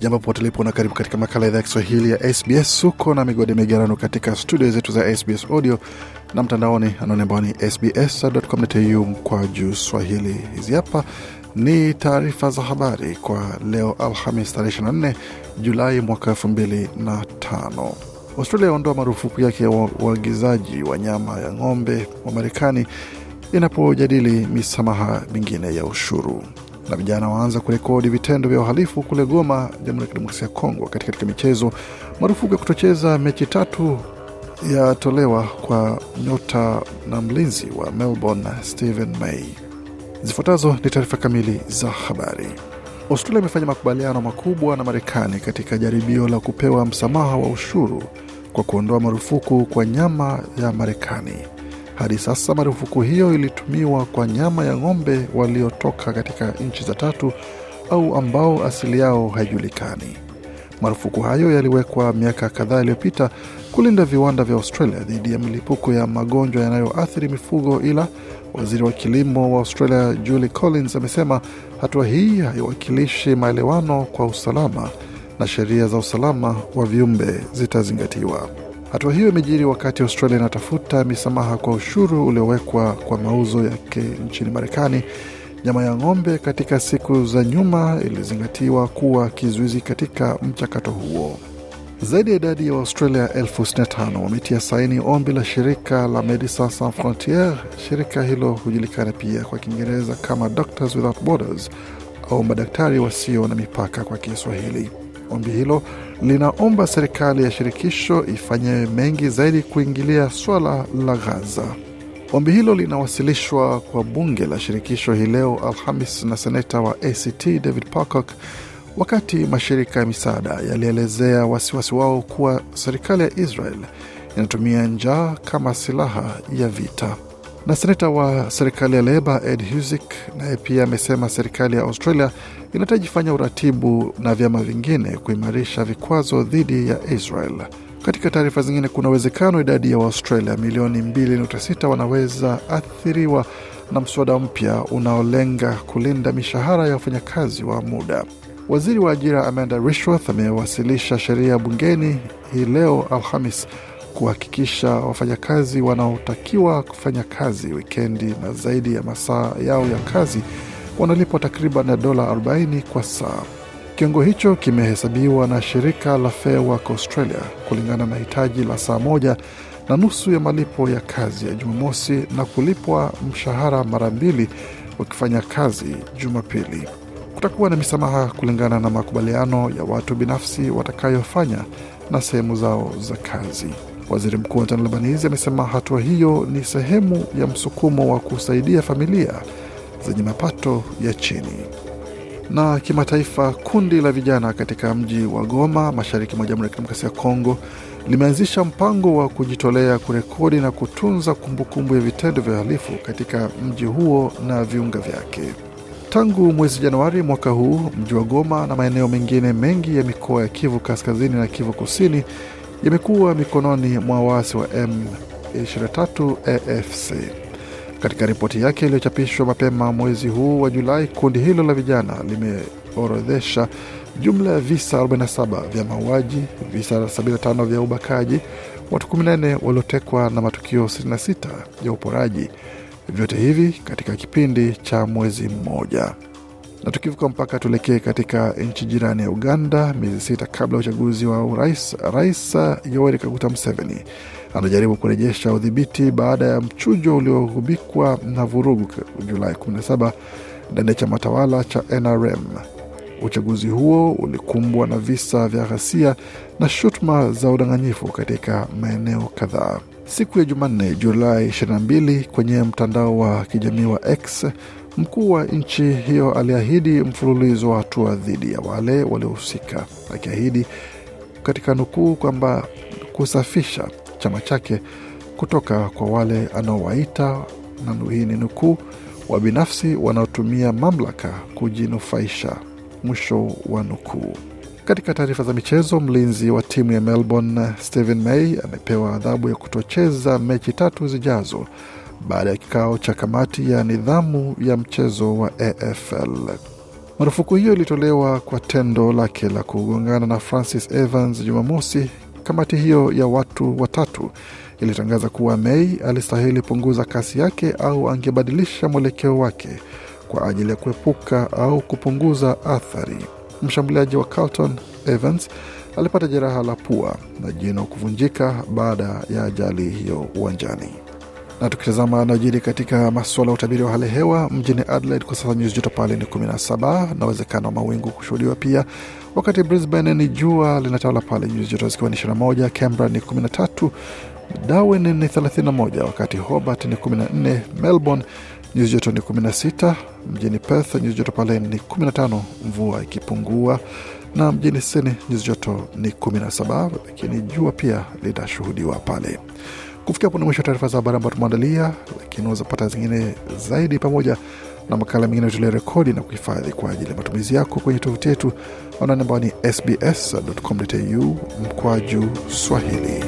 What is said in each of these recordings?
jambo popote lipo na karibu katika makala idhaa ya Kiswahili ya SBS. Suko na migode migarano katika studio zetu za SBS audio na mtandaoni, anaone ambao ni sbs.com.au kwa juu swahili. Hizi hapa ni taarifa za habari kwa leo Alhamis, tarehe 24 Julai mwaka 2005. Australia yaondoa marufuku yake ya uagizaji wa nyama ya ng'ombe wa Marekani inapojadili misamaha mingine ya ushuru na vijana waanza kurekodi vitendo vya uhalifu kule Goma, Jamhuri ya Kidemokrasia ya Kongo. Katika, katika michezo, marufuku ya kutocheza mechi tatu yatolewa kwa nyota na mlinzi wa Melbourne Stephen May. Zifuatazo ni taarifa kamili za habari. Australia imefanya makubaliano makubwa na Marekani katika jaribio la kupewa msamaha wa ushuru kwa kuondoa marufuku kwa nyama ya Marekani. Hadi sasa marufuku hiyo ilitumiwa kwa nyama ya ng'ombe waliotoka katika nchi za tatu au ambao asili yao haijulikani. Marufuku hayo yaliwekwa miaka kadhaa iliyopita kulinda viwanda vya Australia dhidi ya milipuko ya magonjwa yanayoathiri mifugo, ila waziri wa kilimo wa Australia Julie Collins amesema hatua hii haiwakilishi maelewano kwa usalama na sheria za usalama wa viumbe zitazingatiwa. Hatua hiyo imejiri wakati Australia inatafuta misamaha kwa ushuru uliowekwa kwa mauzo yake nchini Marekani. Nyama ya ng'ombe katika siku za nyuma ilizingatiwa kuwa kizuizi katika mchakato huo. Zaidi ya idadi ya Waustralia elfu 65 wametia saini ombi la shirika la Medecins Sans Frontieres. Shirika hilo hujulikana pia kwa Kiingereza kama Doctors Without Borders au madaktari wasio na mipaka kwa Kiswahili. Ombi hilo linaomba serikali ya shirikisho ifanye mengi zaidi kuingilia swala la Gaza. Ombi hilo linawasilishwa kwa bunge la shirikisho hii leo Alhamis na seneta wa ACT David Pocock, wakati mashirika ya misaada yalielezea wasiwasi wao kuwa serikali ya Israel inatumia njaa kama silaha ya vita. Na seneta wa serikali ya Leba Ed Husic naye pia amesema serikali ya Australia inahitaji fanya uratibu na vyama vingine kuimarisha vikwazo dhidi ya Israel. Katika taarifa zingine, kuna uwezekano idadi ya Waustralia milioni 2.6 wanaweza athiriwa na mswada mpya unaolenga kulinda mishahara ya wafanyakazi wa muda. Waziri wa ajira Amanda Rishworth amewasilisha sheria bungeni hii leo Alhamis kuhakikisha wafanyakazi wanaotakiwa kufanya kazi wikendi na zaidi ya masaa yao ya kazi wanalipwa takriban dola 40 kwa saa. Kiwango hicho kimehesabiwa na shirika la Fairwork Australia kulingana na hitaji la saa moja na nusu ya malipo ya kazi ya Jumamosi na kulipwa mshahara mara mbili wakifanya kazi Jumapili. Kutakuwa na misamaha kulingana na makubaliano ya watu binafsi watakayofanya na sehemu zao za kazi. Waziri Mkuu Anthony Albanese amesema hatua hiyo ni sehemu ya msukumo wa kusaidia familia zenye mapato ya chini. Na kimataifa, kundi la vijana katika mji wa Goma, mashariki mwa Jamhuri ya Kidemokrasia ya Kongo limeanzisha mpango wa kujitolea kurekodi na kutunza kumbukumbu ya vitendo vya uhalifu katika mji huo na viunga vyake. Tangu mwezi Januari mwaka huu, mji wa Goma na maeneo mengine mengi ya mikoa ya Kivu Kaskazini na Kivu Kusini yamekuwa mikononi mwa waasi wa M23 AFC. Katika ripoti yake iliyochapishwa mapema mwezi huu wa Julai, kundi hilo la vijana limeorodhesha jumla ya visa 47 vya mauaji, visa 75 vya ubakaji, watu 14 waliotekwa na matukio 66 ya uporaji, vyote hivi katika kipindi cha mwezi mmoja. Na tukivuka mpaka tuelekee katika nchi jirani ya Uganda, miezi sita kabla ya uchaguzi wa urais, Rais Yoweri Kaguta Museveni anajaribu kurejesha udhibiti baada ya mchujo uliogubikwa na vurugu Julai 17 ndani ya chama tawala cha NRM. Uchaguzi huo ulikumbwa na visa vya ghasia na shutuma za udanganyifu katika maeneo kadhaa. Siku ya Jumanne, Julai 22, kwenye mtandao wa kijamii wa X, mkuu wa nchi hiyo aliahidi mfululizo wa hatua dhidi ya wale waliohusika, akiahidi katika nukuu kwamba kusafisha chama chake kutoka kwa wale anaowaita, na hii ni nukuu, wa binafsi wanaotumia mamlaka kujinufaisha, mwisho wa nukuu. Katika taarifa za michezo, mlinzi wa timu ya Melbourne Stephen May amepewa adhabu ya kutocheza mechi tatu zijazo baada ya kikao cha kamati ya nidhamu ya mchezo wa AFL. Marufuku hiyo ilitolewa kwa tendo lake la kugongana na Francis Evans Jumamosi Kamati hiyo ya watu watatu ilitangaza kuwa Mei alistahili punguza kasi yake au angebadilisha mwelekeo wake kwa ajili ya kuepuka au kupunguza athari. Mshambuliaji wa Carlton Evans alipata jeraha la pua na jino kuvunjika baada ya ajali hiyo uwanjani. Na tukitazama anaojiri katika masuala ya utabiri wa hali hewa mjini Adelaide kwa sasa nyuzi joto pale ni 17 na uwezekano wa mawingu kushuhudiwa pia, wakati Brisbane ni jua linatawala pale nyuzi joto zikiwa ni 21, Canberra ni 13, Darwin ni 31, wakati Hobart ni 14, Melbourne nyuzi joto ni 16, mjini Perth nyuzi joto pale ni 15, mvua ikipungua, na mjini Sydney nyuzi joto ni 17, lakini jua pia litashuhudiwa pale. Kufikia hapo ni mwisho wa taarifa za habari ambayo tumeandalia, lakini unaweza pata zingine zaidi pamoja na makala mengine rekodi na kuhifadhi kwa ajili ya matumizi yako kwenye tovuti yetu anani ambayo ni sbs.com.au mkwaju Swahili.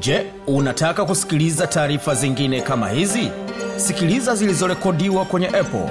Je, unataka kusikiliza taarifa zingine kama hizi? Sikiliza zilizorekodiwa kwenye Apple,